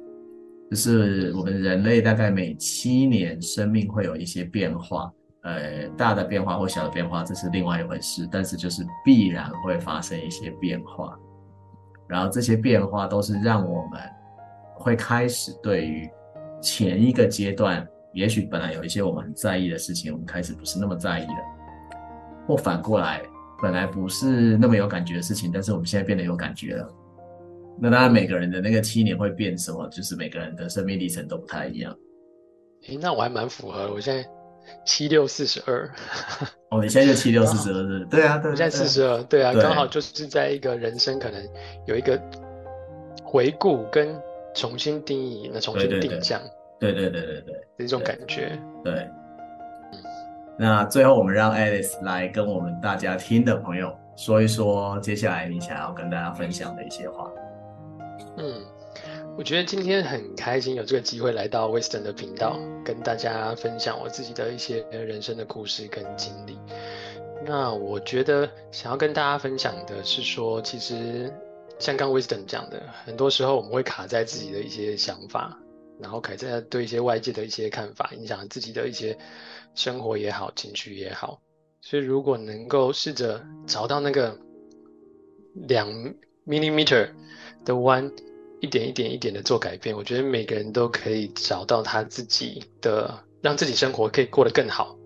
Speaker 1: 就是我們人類大概每七年生命會有一些變化，呃，大的變化或小的變化，這是另外一回事，但是就是必然會發生一些變化。然後這些變化都是讓我們會開始對於前一個階段，也許本來有一些我們很在意的事情，我們開始不是那麼在意了；或反過來，本來不是那麼有感覺的事情，但是我們現在變得有感覺了。那當然，每個人的那個七年會變什麼，就是每個人的生命歷程都不太一樣。
Speaker 3: 誒，那我還蠻符合的，我現在。七六四十二，
Speaker 1: 我 們、哦、現在就七六四十二，哦、對啊，對，對，對，我現在四十二，對啊，對剛好
Speaker 3: 就是在一個人生可能有一個回顧跟重新定義，那重新定向的對對對，對對對對對，這種感覺。對，
Speaker 2: 對對嗯、
Speaker 1: 那最後我們讓 Alex 來跟我們大家聽的朋友說一說，接下來你想要跟大家分享的一些話。嗯。
Speaker 3: 我覺得今天很開心有這個機會來到 Wisdom 的頻道，跟大家分享我自己的一些人生的故事跟經歷。那我覺得想要跟大家分享的是說，其實像剛 Wisdom 講的，很多時候我們會卡在自己的一些想法，然後卡在對一些外界的一些看法，影響自己的一些生活也好、情緒也好。所以如果能夠試着找到那個兩 millimeter 的彎。一點一點一點的做改變，我覺得每個人都可以找到他自己的，讓自己生活可以過得更好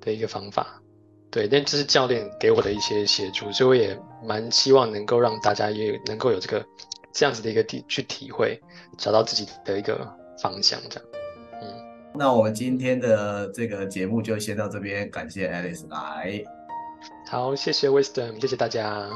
Speaker 3: 的一個方法。對，但這是教練給我的一些協助，所以我也蠻希望能夠讓大家也能夠有這個這樣子的一個體去體會，找到自己的一個方向。這樣，
Speaker 1: 嗯，那我們今天的這個節目
Speaker 3: 就先到這邊，感謝 Alex 來，好，謝謝 Wisdom，謝謝大家。